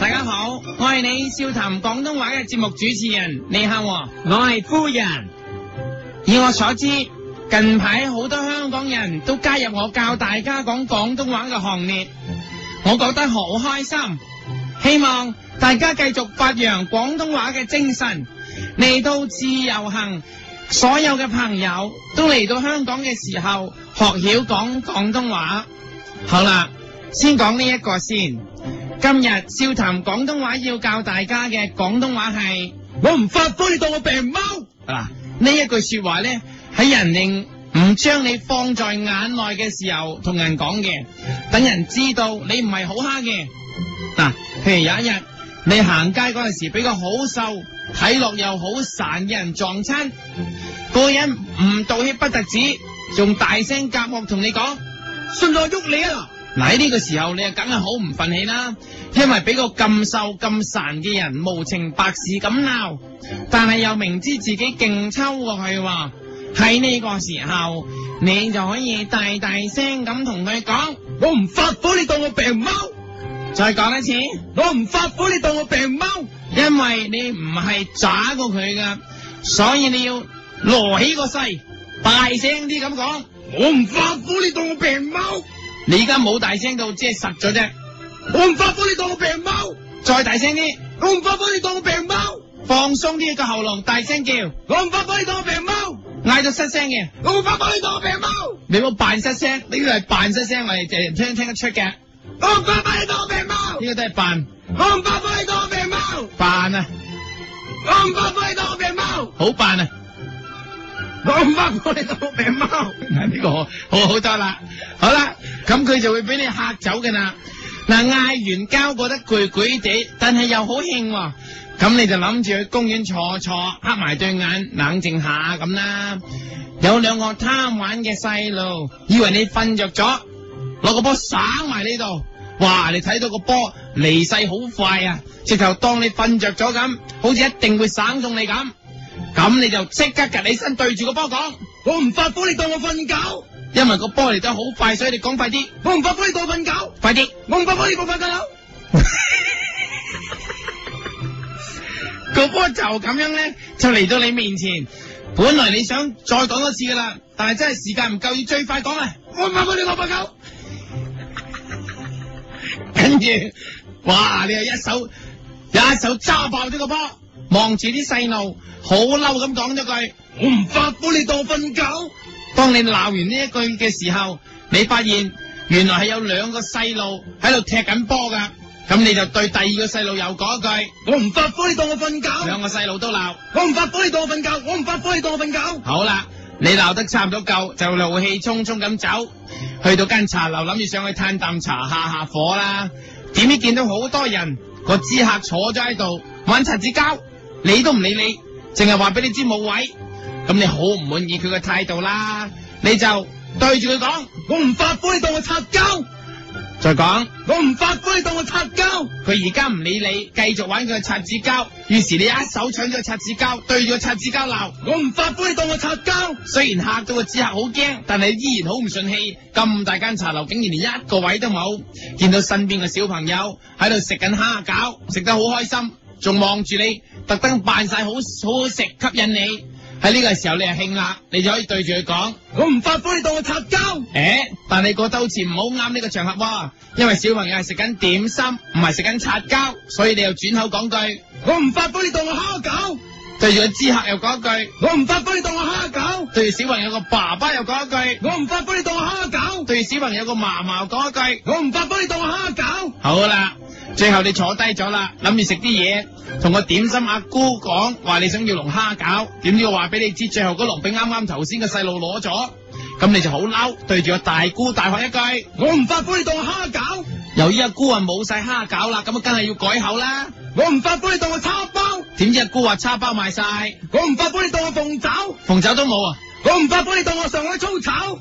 大家好，我係你笑談廣東話嘅節目主持人李克。哦，我係夫人。以我所知，近排好多香港人都加入我教大家講廣東話嘅行列，我覺得好開心。希望大家繼續發揚廣東話嘅精神，嚟到自由行，所有嘅朋友都嚟到香港嘅時候，學曉講廣東話。好啦。先講呢一個先，今日笑談廣東話要教大家嘅廣東話係：我唔發火，你當我病貓嗱。呢、啊、一句說話咧，喺人哋唔將你放在眼內嘅時候同人講嘅，等人知道你唔係好蝦嘅嗱。譬、啊、如有一日你行街嗰陣時俾個好瘦、睇落又好孱嘅人撞親，嗰人唔道歉不特止，仲大聲夾惡同你講：信我喐你啊！嗱呢個時候你啊梗係好唔忿氣啦，因為俾個咁瘦咁孱嘅人無情白事咁鬧，但係又明知自己勁抽過去話，喺呢個時候你就可以大大聲咁同佢講，嗯、我唔發火你當我病貓。再講一次，我唔發火你當我病貓，因為你唔係渣過佢噶，所以你要攞起個勢，大聲啲咁講，嗯、我唔發火你當我病貓。你而家冇大聲到，即係實咗啫。我唔發火，你當我病貓。再大聲啲，我唔發火，你當我病貓。放鬆啲，個喉嚨大聲叫。我唔發火，你當我病貓。嗌到失聲嘅，我唔發火，你當我病貓。你冇扮失聲，你以為係扮失聲，我哋就聽聽得出嘅。我唔發火，你當我病貓。呢個都係扮。我唔發火，你當我病貓。扮啊！我唔發火，你當我病貓。好扮啊！我唔發火，你當我病貓，呢 個好好多啦，好啦，咁佢就會俾你嚇走嘅啦。嗱，嗌完交覺得攰攰地，但係又好㷫喎，咁你就諗住去公園坐坐，黑埋對眼冷靜下咁啦。有兩個貪玩嘅細路，以為你瞓着咗，攞個波省埋呢度，哇！你睇到個波離世好快啊，直頭當你瞓着咗咁，好似一定會省中你咁。咁你就即刻趌起身對住個波講，我唔發火，你當我瞓覺，因為個波嚟得好快，所以你講快啲，我唔發火，你當我瞓覺，快啲點，我唔發火，你當我瞓覺。個波就咁樣咧，就嚟到你面前。本來你想再講多次噶啦，但係真係時間唔夠，要最快講啊！我唔發火，你當我瞓覺。 跟住，哇！你又一手一手揸爆咗個波。望住啲細路，好嬲咁講咗句：我唔發火，你當我瞓覺。當你鬧完呢一句嘅時候，你發現原來係有兩個細路喺度踢緊波噶。咁你就對第二個細路又講一句：我唔發火，你當我瞓覺。兩個細路都鬧，我唔發火，你當我瞓覺。我唔發火，你當我瞓覺。好啦，你鬧得差唔多夠，就怒氣沖沖咁走，去到間茶樓諗住上去攤啖茶下下火啦。點知見到好多人，個知客坐咗喺度玩十子交。你都唔理你，淨係話俾你知冇位，咁你好唔滿意佢嘅態度啦？你就對住佢講，我唔發火，你當我擦膠。再講，我唔發火，你當我擦膠。佢而家唔理你，繼續玩佢嘅擦紙膠。於是你一手搶咗擦紙膠，對住個擦紙膠鬧，我唔發火，你當我擦膠。雖然吓到個紙客好驚，但係依然好唔順氣。咁大間茶樓竟然連一個位都冇，見到身邊嘅小朋友喺度食緊蝦餃，食得好開心，仲望住你。特登扮晒好好食，吸引你喺呢個時候，你係興啦，你就可以對住佢講：我唔發火，你當我擦膠。誒、欸，但係嗰兜詞唔好啱呢個場合，啊、因為小朋友係食緊點心，唔係食緊擦膠，所以你又轉口講句：我唔發火，你當我蝦餃。對住個知客又講一句：我唔發火，你當我蝦餃。對住小朋友個爸爸又講一句：我唔發火，你當我蝦餃。對住小朋友個嫲嫲又講一句：我唔發火，你當我蝦餃。好啦。最後你坐低咗啦，諗住食啲嘢，同個點心阿姑講，話你想要龍蝦餃，點知話俾你知，最後嗰龍餅啱啱頭先個細路攞咗，咁你就好嬲，對住個大姑大喝一句：我唔發火你當我蝦餃。由於阿姑啊冇晒蝦餃啦，咁啊，梗係要改口啦，我唔發火你當我叉包。點知阿姑話叉包賣晒，我唔發火你當我鳳爪。鳳爪都冇啊，我唔發火你當我上海粗炒。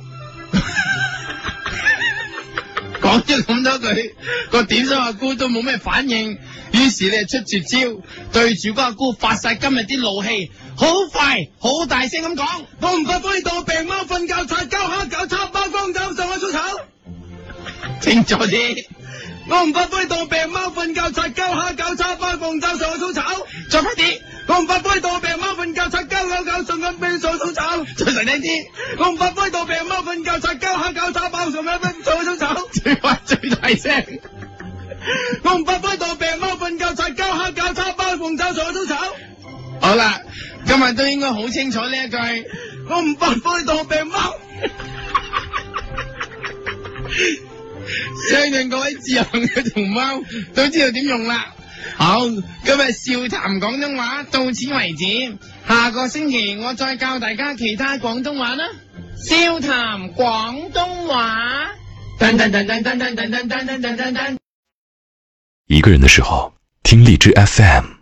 即係諗咗佢，個點心阿姑都冇咩反應，於是你出絕招，對住個阿姑發晒今日啲怒氣，好快好大聲咁講，我唔發威當病貓瞓覺拆膠蝦餃叉包放走上去掃草。清楚啲，我唔發威當病貓瞓覺拆膠蝦餃叉包放走上去掃草。再快啲，我唔發威當病貓瞓覺拆膠蝦餃叉包放走上去掃草。再大聲啲，我唔發威當病貓瞓覺拆膠蝦餃叉包放走上去掃草。 我唔發火當病貓，瞓覺再交下交叉包，鳳爪坐中走。都好啦，今日都應該好清楚呢一句， 我唔發火當病貓。相 信各位自由嘅同胞都知道點用啦。好，今日笑談廣東話到此為止，下個星期我再教大家其他廣東話啦。笑談廣東話。當當當當當當當當當，一個人的時候，聽荔枝 FM。